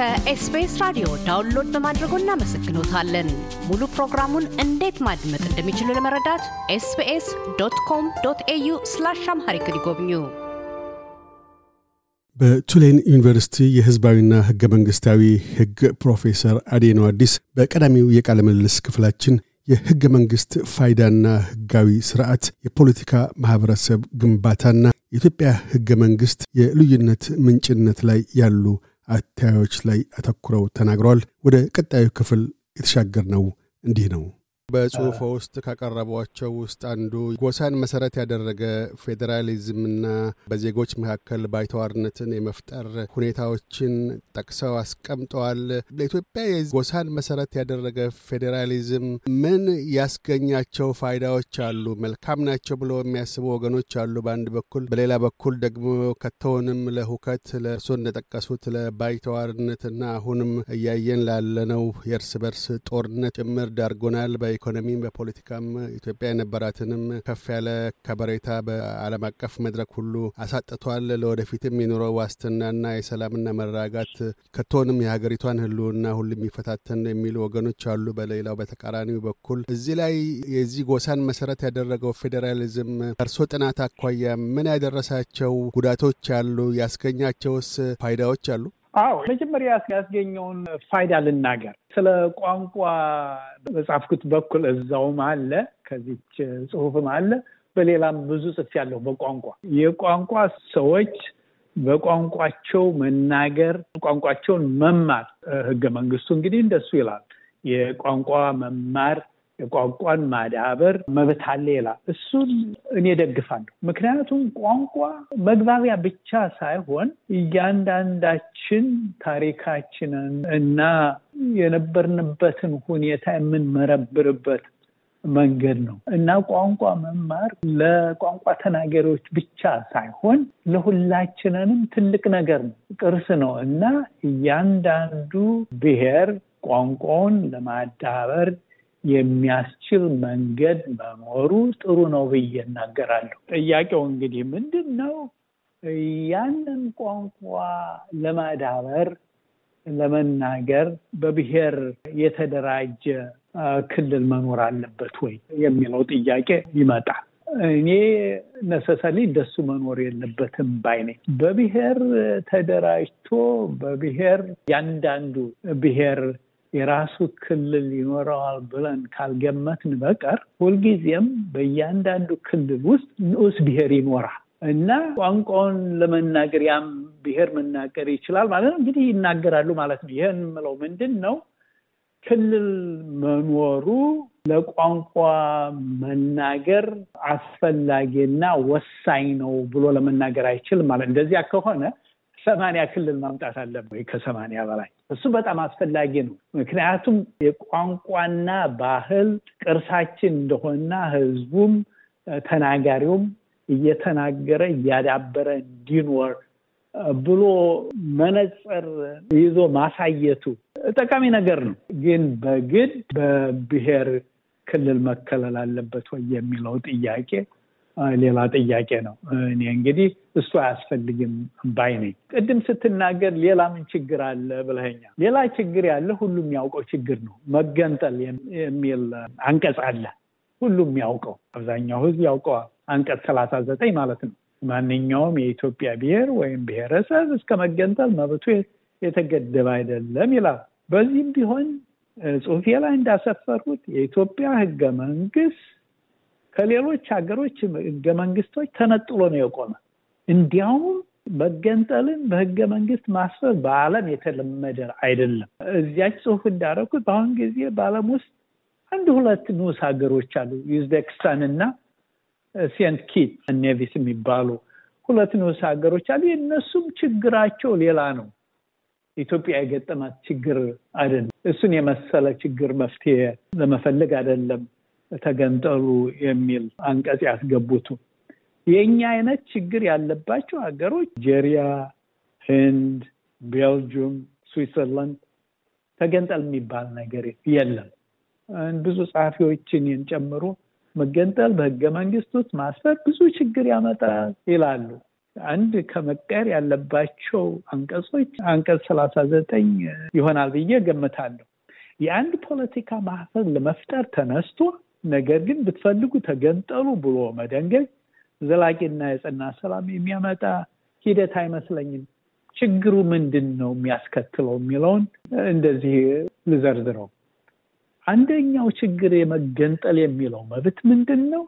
ከኤስቢኤስ ራዲዮ ዳውንሎድ በማድረጎ እናመሰግኖታለን። ሙሉ ፕሮግራሙን እንዴት ማድመጥ እንደሚችሉ ለመረዳት ኤስቢኤስ ዶት ኮም ዶት ኤዩ ስላሽ አምሃሪክ ይጎብኙ። በቱሌን ዩኒቨርሲቲ የሕዝባዊና ሕገ መንግሥታዊ ሕግ ፕሮፌሰር አዴኖ አዲስ በቀዳሚው የቃለ ምልልስ ክፍላችን የሕገ መንግሥት ፋይዳና ሕጋዊ ስርዓት፣ የፖለቲካ ማኅበረሰብ ግንባታና የኢትዮጵያ ሕገ መንግሥት የልዩነት ምንጭነት ላይ ያሉ አተያዮች ላይ አተኩረው ተናግረዋል። ወደ ቀጣዩ ክፍል የተሻገር ነው እንዲህ ነው። በጽሁፎ ውስጥ ካቀረቧቸው ውስጥ አንዱ ጎሳን መሰረት ያደረገ ፌዴራሊዝምና በዜጎች መካከል ባይተዋርነትን የመፍጠር ሁኔታዎችን ጠቅሰው አስቀምጠዋል። ለኢትዮጵያ የጎሳን መሰረት ያደረገ ፌዴራሊዝም ምን ያስገኛቸው ፋይዳዎች አሉ? መልካም ናቸው ብሎ የሚያስቡ ወገኖች አሉ በአንድ በኩል፣ በሌላ በኩል ደግሞ ከተውንም ለሁከት ለእርሶ እንደጠቀሱት ለባይተዋርነትና አሁንም እያየን ላለነው የእርስ በርስ ጦርነት ጭምር ዳርጎናል። በኢኮኖሚም በፖለቲካም ኢትዮጵያ የነበራትንም ከፍ ያለ ከበሬታ በዓለም አቀፍ መድረክ ሁሉ አሳጥቷል። ለወደፊትም የኑሮ ዋስትናና የሰላምና መረጋጋት ከቶንም የሀገሪቷን ህልውና ሁሉ የሚፈታተን የሚሉ ወገኖች አሉ። በሌላው በተቃራኒው በኩል እዚህ ላይ የዚህ ጎሳን መሰረት ያደረገው ፌዴራሊዝም እርሶ ጥናት አኳያ ምን ያደረሳቸው ጉዳቶች አሉ? ያስገኛቸውስ ፋይዳዎች አሉ? አዎ መጀመሪያ ያስገኘውን ፋይዳ ልናገር። ስለ ቋንቋ በጻፍኩት በኩል እዛውም አለ ከዚች ጽሁፍም አለ፣ በሌላም ብዙ ጽፍ ያለው በቋንቋ የቋንቋ ሰዎች በቋንቋቸው መናገር፣ ቋንቋቸውን መማር ህገ መንግስቱ እንግዲህ እንደሱ ይላል የቋንቋ መማር የቋንቋን ማዳበር መብት አለ ይላል። እሱን እኔ ደግፋለሁ። ምክንያቱም ቋንቋ መግባቢያ ብቻ ሳይሆን እያንዳንዳችን ታሪካችንን እና የነበርንበትን ሁኔታ የምንመረብርበት መንገድ ነው እና ቋንቋ መማር ለቋንቋ ተናገሪዎች ብቻ ሳይሆን ለሁላችንንም ትልቅ ነገር ነው፣ ቅርስ ነው እና እያንዳንዱ ብሔር ቋንቋውን ለማዳበር የሚያስችል መንገድ መኖሩ ጥሩ ነው ብዬ እናገራለሁ። ጥያቄው እንግዲህ ምንድን ነው? ያንን ቋንቋ ለማዳበር ለመናገር በብሔር የተደራጀ ክልል መኖር አለበት ወይ የሚለው ጥያቄ ይመጣል። እኔ ነሰሰሊ እንደሱ መኖር የለበትም ባይ ነኝ። በብሔር ተደራጅቶ በብሔር ያንዳንዱ ብሔር የራሱ ክልል ይኖረዋል ብለን ካልገመትን በቀር ሁልጊዜም በእያንዳንዱ ክልል ውስጥ ንዑስ ብሔር ይኖራል እና ቋንቋውን ለመናገር ያም ብሔር መናገር ይችላል ማለት ነው። እንግዲህ ይናገራሉ ማለት ነው። ይህን የምለው ምንድን ነው ክልል መኖሩ ለቋንቋ መናገር አስፈላጊና ወሳኝ ነው ብሎ ለመናገር አይችልም ማለት እንደዚያ ከሆነ ሰማንያ ክልል ማምጣት አለብህ ወይ ከሰማንያ በላይ እሱ በጣም አስፈላጊ ነው። ምክንያቱም የቋንቋና ባህል ቅርሳችን እንደሆና ህዝቡም ተናጋሪውም እየተናገረ እያዳበረ እንዲኖር ብሎ መነጽር ይዞ ማሳየቱ ጠቃሚ ነገር ነው። ግን በግድ በብሔር ክልል መከለል አለበት ወይ የሚለው ጥያቄ ሌላ ጥያቄ ነው። እኔ እንግዲህ እሱ አያስፈልግም ባይ ነኝ። ቅድም ስትናገር ሌላ ምን ችግር አለ ብለኛ፣ ሌላ ችግር ያለ ሁሉም ያውቀው ችግር ነው። መገንጠል የሚል አንቀጽ አለ። ሁሉም ያውቀው አብዛኛው ህዝብ ያውቀዋል። አንቀጽ ሰላሳ ዘጠኝ ማለት ነው። ማንኛውም የኢትዮጵያ ብሔር ወይም ብሔረሰብ እስከ መገንጠል መብቱ የተገደበ አይደለም ይላል። በዚህም ቢሆን ጽሁፌ ላይ እንዳሰፈርኩት የኢትዮጵያ ህገ መንግስት ከሌሎች ሀገሮች ህገ መንግስቶች ተነጥሎ ነው የቆመ። እንዲያውም መገንጠልን በህገ መንግስት ማስፈር በዓለም የተለመደ አይደለም። እዚያች ጽሁፍ እንዳደረኩት በአሁን ጊዜ በዓለም ውስጥ አንድ ሁለት ንዑስ ሀገሮች አሉ። ዩዝቤክስታን እና ሴንት ኪት ኔቪስ የሚባሉ ሁለት ንዑስ ሀገሮች አሉ። የእነሱም ችግራቸው ሌላ ነው። ኢትዮጵያ የገጠማት ችግር አይደለም። እሱን የመሰለ ችግር መፍትሄ ለመፈለግ አይደለም ተገንጠሉ የሚል አንቀጽ ያስገቡት። የእኛ አይነት ችግር ያለባቸው ሀገሮች ጀሪያ፣ ህንድ፣ ቤልጅየም፣ ስዊትዘርላንድ ተገንጠል የሚባል ነገር የለም። ብዙ ጸሐፊዎችን ጨምሮ መገንጠል በህገ መንግስት ውስጥ ማስፈር ብዙ ችግር ያመጣል ይላሉ። አንድ ከመቀየር ያለባቸው አንቀጾች አንቀጽ ሰላሳ ዘጠኝ ይሆናል ብዬ ገምታለሁ። የአንድ ፖለቲካ ማህበር ለመፍጠር ተነስቶ ነገር ግን ብትፈልጉ ተገንጠሉ ብሎ መደንገግ ዘላቂና የጸና ሰላም የሚያመጣ ሂደት አይመስለኝም። ችግሩ ምንድን ነው የሚያስከትለው የሚለውን እንደዚህ ልዘርዝረው። አንደኛው ችግር የመገንጠል የሚለው መብት ምንድን ነው?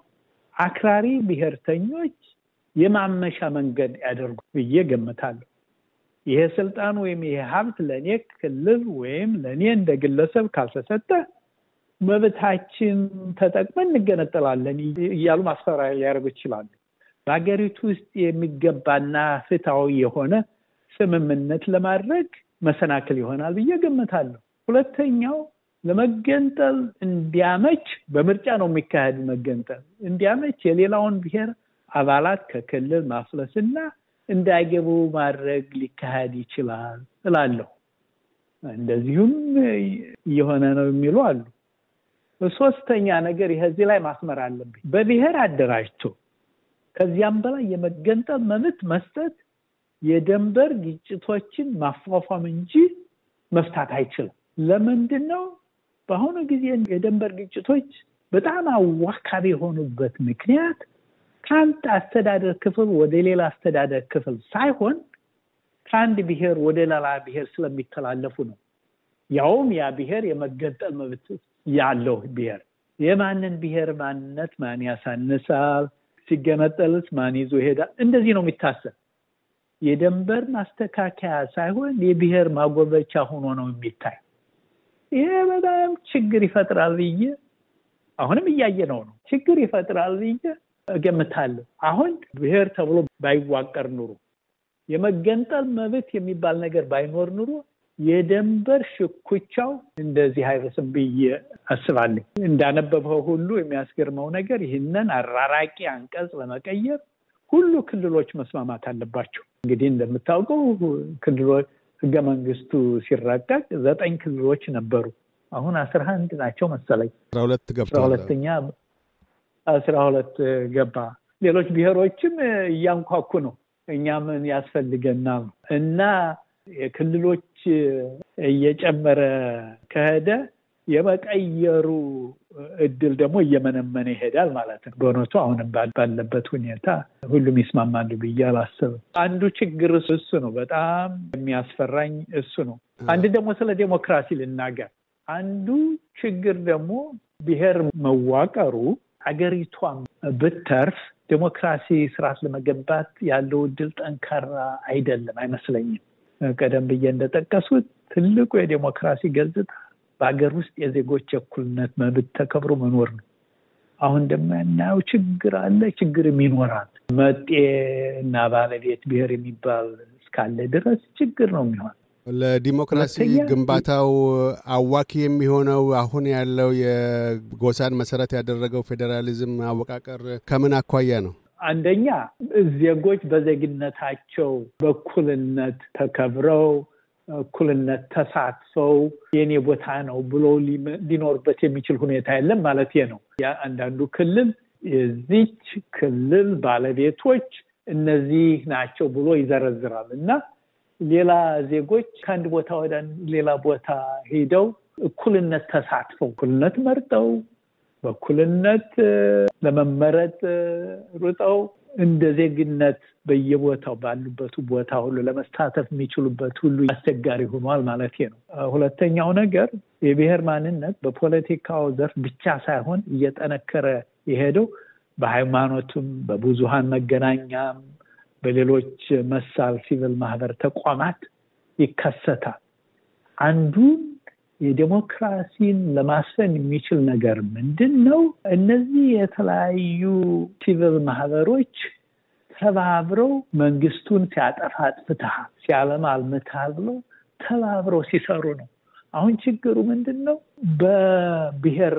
አክራሪ ብሔርተኞች የማመሻ መንገድ ያደርጉ ብዬ ገምታለሁ። ይሄ ስልጣን ወይም ይሄ ሀብት ለእኔ ክልል ወይም ለእኔ እንደ ግለሰብ ካልተሰጠ መብታችን ተጠቅመን እንገነጠላለን እያሉ ማስፈራሪያ ሊያደርጉ ይችላሉ። በሀገሪቱ ውስጥ የሚገባና ፍትሐዊ የሆነ ስምምነት ለማድረግ መሰናክል ይሆናል ብዬ ገምታለሁ። ሁለተኛው ለመገንጠል እንዲያመች በምርጫ ነው የሚካሄድ መገንጠል እንዲያመች የሌላውን ብሔር አባላት ከክልል ማፍለስና እንዳይገቡ ማድረግ ሊካሄድ ይችላል እላለሁ። እንደዚሁም እየሆነ ነው የሚሉ አሉ። ሶስተኛ ነገር ይህዚህ ላይ ማስመር አለብኝ። በብሔር አደራጅቶ ከዚያም በላይ የመገንጠብ መብት መስጠት የደንበር ግጭቶችን ማፏፏም እንጂ መፍታት አይችልም። ለምንድን ነው? በአሁኑ ጊዜ የደንበር ግጭቶች በጣም አዋካቢ የሆኑበት ምክንያት ከአንድ አስተዳደር ክፍል ወደ ሌላ አስተዳደር ክፍል ሳይሆን ከአንድ ብሔር ወደ ሌላ ብሔር ስለሚተላለፉ ነው። ያውም ያ ብሔር የመገንጠል መብት ያለው ብሔር የማንን ብሔር ማንነት ማን ያሳንሳል፣ ሲገነጠልስ ማን ይዞ ይሄዳል። እንደዚህ ነው የሚታሰብ። የደንበር ማስተካከያ ሳይሆን የብሔር ማጎበቻ ሆኖ ነው የሚታይ። ይሄ በጣም ችግር ይፈጥራል ብዬ አሁንም እያየ ነው ነው ችግር ይፈጥራል ብዬ እገምታለሁ። አሁን ብሔር ተብሎ ባይዋቀር ኑሮ የመገንጠል መብት የሚባል ነገር ባይኖር ኑሮ የደንበር ሽኩቻው እንደዚህ አይፈስም ብዬ አስባለሁ። እንዳነበበው ሁሉ የሚያስገርመው ነገር ይህንን አራራቂ አንቀጽ ለመቀየር ሁሉ ክልሎች መስማማት አለባቸው። እንግዲህ እንደምታውቀው ክልሎች ህገ መንግስቱ ሲረቀቅ ዘጠኝ ክልሎች ነበሩ። አሁን አስራ አንድ ናቸው መሰለኝ። አስራ ሁለተኛ አስራ ሁለት ገባ። ሌሎች ብሔሮችም እያንኳኩ ነው። እኛ ምን ያስፈልገናል እና የክልሎች እየጨመረ ከሄደ የመቀየሩ እድል ደግሞ እየመነመነ ይሄዳል ማለት ነው። በእውነቱ አሁንም ባለበት ሁኔታ ሁሉም ይስማማሉ ብዬ አላስብም። አንዱ ችግር እሱ ነው። በጣም የሚያስፈራኝ እሱ ነው። አንድ ደግሞ ስለ ዴሞክራሲ ልናገር። አንዱ ችግር ደግሞ ብሔር መዋቀሩ ሀገሪቷም ብተርፍ ዴሞክራሲ ስርዓት ለመገንባት ያለው እድል ጠንካራ አይደለም አይመስለኝም። ቀደም ብዬ እንደጠቀሱት ትልቁ የዴሞክራሲ ገጽታ በሀገር ውስጥ የዜጎች የእኩልነት መብት ተከብሮ መኖር ነው። አሁን እንደምናየው ችግር አለ፣ ችግርም ይኖራል። መጤ እና ባለቤት ብሔር የሚባል እስካለ ድረስ ችግር ነው የሚሆን። ለዲሞክራሲ ግንባታው አዋኪ የሚሆነው አሁን ያለው የጎሳን መሰረት ያደረገው ፌዴራሊዝም አወቃቀር ከምን አኳያ ነው? አንደኛ ዜጎች በዜግነታቸው በእኩልነት ተከብረው እኩልነት ተሳትፈው የኔ ቦታ ነው ብሎ ሊኖርበት የሚችል ሁኔታ የለም ማለት ነው። የአንዳንዱ ክልል የዚች ክልል ባለቤቶች እነዚህ ናቸው ብሎ ይዘረዝራል እና ሌላ ዜጎች ከአንድ ቦታ ወደ ሌላ ቦታ ሄደው እኩልነት ተሳትፈው እኩልነት መርጠው በኩልነት ለመመረጥ ሩጠው እንደ ዜግነት በየቦታው ባሉበት ቦታ ሁሉ ለመሳተፍ የሚችሉበት ሁሉ አስቸጋሪ ሆኗል ማለት ነው። ሁለተኛው ነገር የብሔር ማንነት በፖለቲካው ዘርፍ ብቻ ሳይሆን እየጠነከረ የሄደው በሃይማኖትም፣ በብዙሀን መገናኛም፣ በሌሎች መሳል ሲቪል ማህበር ተቋማት ይከሰታል። አንዱን የዴሞክራሲን ለማስፈን የሚችል ነገር ምንድን ነው? እነዚህ የተለያዩ ሲቪል ማህበሮች ተባብረው መንግስቱን ሲያጠፋ አጥፍተሃል፣ ሲያለማ አልምተሃል ተባብረው ሲሰሩ ነው። አሁን ችግሩ ምንድን ነው? በብሔር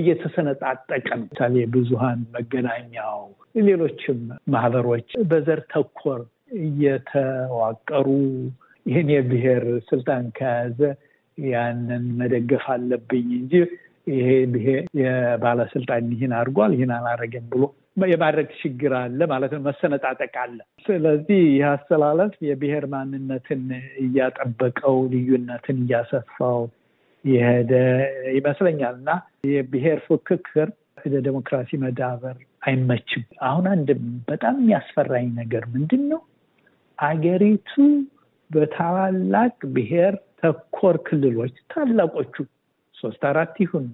እየተሰነጣጠቀ ነው። ምሳሌ ብዙሀን መገናኛው፣ ሌሎችም ማህበሮች በዘር ተኮር እየተዋቀሩ ይህን የብሔር ስልጣን ከያዘ ያንን መደገፍ አለብኝ እንጂ ይሄ ይሄ የባለስልጣን ይህን አድርጓል ይህን አላረገም ብሎ የማድረግ ችግር አለ ማለት ነው። መሰነጣጠቅ አለ። ስለዚህ ይህ አስተላለፍ የብሔር ማንነትን እያጠበቀው ልዩነትን እያሰፋው የሄደ ይመስለኛል እና የብሔር ፉክክር ለዲሞክራሲ መዳበር አይመችም። አሁን አንድ በጣም የሚያስፈራኝ ነገር ምንድን ነው? አገሪቱ በታላላቅ ብሔር ተኮር ክልሎች ታላቆቹ ሶስት አራት ይሁን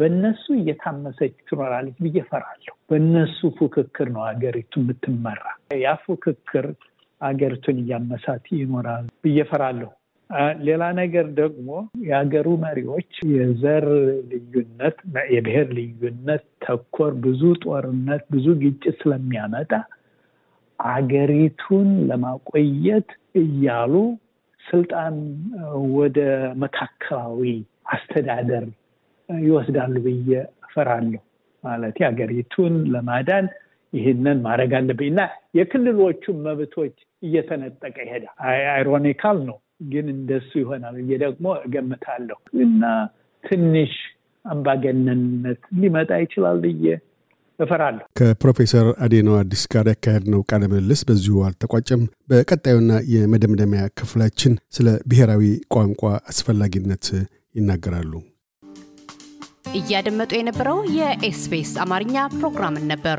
በእነሱ እየታመሰች ትኖራለች ብዬ እፈራለሁ። በእነሱ ፉክክር ነው አገሪቱ የምትመራ። ያ ፉክክር አገሪቱን እያመሳት ይኖራል ብዬ እፈራለሁ። ሌላ ነገር ደግሞ የሀገሩ መሪዎች የዘር ልዩነት፣ የብሔር ልዩነት ተኮር ብዙ ጦርነት፣ ብዙ ግጭት ስለሚያመጣ አገሪቱን ለማቆየት እያሉ ስልጣን ወደ መካከላዊ አስተዳደር ይወስዳሉ ብዬ እፈራለሁ። ማለት ሀገሪቱን ለማዳን ይህንን ማድረግ አለብኝ እና የክልሎቹን መብቶች እየተነጠቀ ይሄዳል። አይሮኒካል ነው፣ ግን እንደሱ ይሆናል ብዬ ደግሞ እገምታለሁ እና ትንሽ አምባገነንነት ሊመጣ ይችላል ብዬ እፈራለሁ። ከፕሮፌሰር አዴኖ አዲስ ጋር ያካሄድነው ቃለ ምልልስ በዚሁ አልተቋጨም። በቀጣዩና የመደምደሚያ ክፍላችን ስለ ብሔራዊ ቋንቋ አስፈላጊነት ይናገራሉ። እያደመጡ የነበረው የኤስቢኤስ አማርኛ ፕሮግራምን ነበር።